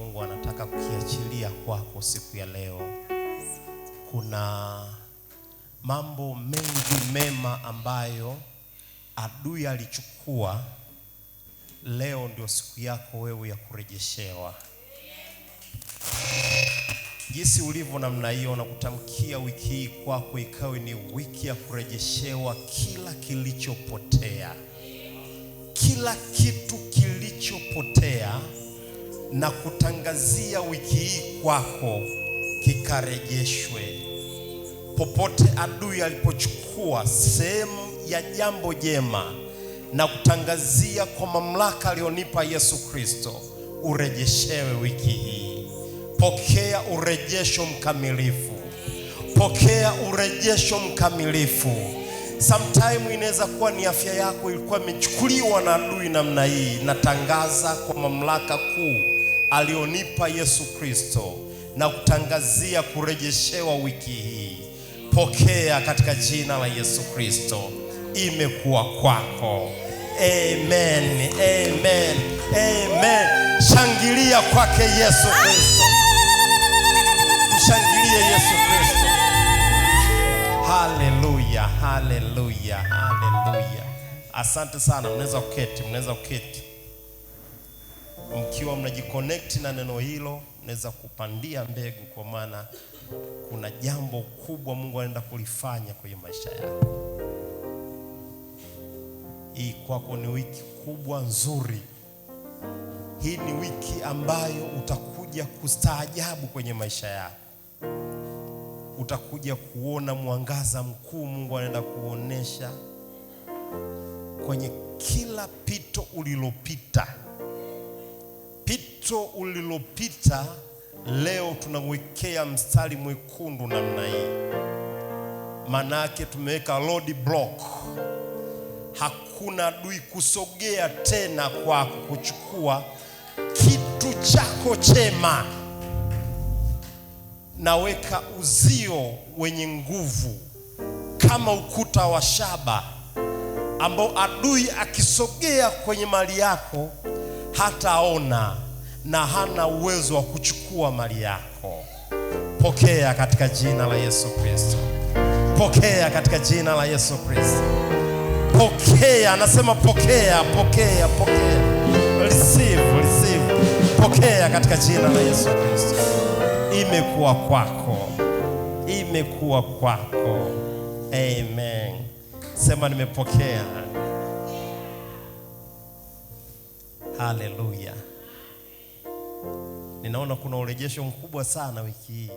Mungu anataka kukiachilia kwako siku ya leo. Kuna mambo mengi mema ambayo adui alichukua. Leo ndio siku yako wewe ya kurejeshewa. Jinsi ulivyo namna hiyo, na kutamkia wiki hii kwako ikawe ni wiki ya kurejeshewa kila kilichopotea, kila kitu kilichopotea na kutangazia wiki hii kwako kikarejeshwe. Popote adui alipochukua sehemu ya jambo jema na kutangazia kwa mamlaka aliyonipa Yesu Kristo, urejeshewe wiki hii. Pokea urejesho mkamilifu, pokea urejesho mkamilifu. Sometime inaweza kuwa ni afya yako ilikuwa imechukuliwa na adui namna hii, natangaza kwa mamlaka kuu alionipa Yesu Kristo na kutangazia kurejeshewa wiki hii. Pokea katika jina la Yesu Kristo, imekuwa kwako. Amen, amen, amen. Shangilia kwake Yesu Kristo, mshangilie Yesu Kristo. Haleluya, haleluya, haleluya. Asante sana, mnaweza kuketi, mnaweza kuketi mkiwa mnajiconnect na neno hilo, naweza kupandia mbegu, kwa maana kuna jambo kubwa Mungu anaenda kulifanya kwenye maisha yako. Hii kwako ni wiki kubwa nzuri. Hii ni wiki ambayo utakuja kustaajabu kwenye maisha yako, utakuja kuona mwangaza mkuu Mungu anaenda kuonesha kwenye kila pito ulilopita. Pito ulilopita leo tunawekea mstari mwekundu namna hii, manake tumeweka road block. Hakuna adui kusogea tena kwa kuchukua kitu chako chema. Naweka uzio wenye nguvu kama ukuta wa shaba ambao adui akisogea kwenye mali yako hataona na hana uwezo wa kuchukua mali yako. Pokea katika jina la Yesu Kristo, pokea katika jina la Yesu Kristo, pokea. Anasema pokea, pokea, pokea, receive, receive, pokea katika jina la Yesu Kristo. Imekuwa kwako, imekuwa kwako. Amen. Sema nimepokea. Haleluya. Ninaona kuna urejesho mkubwa sana wiki hii.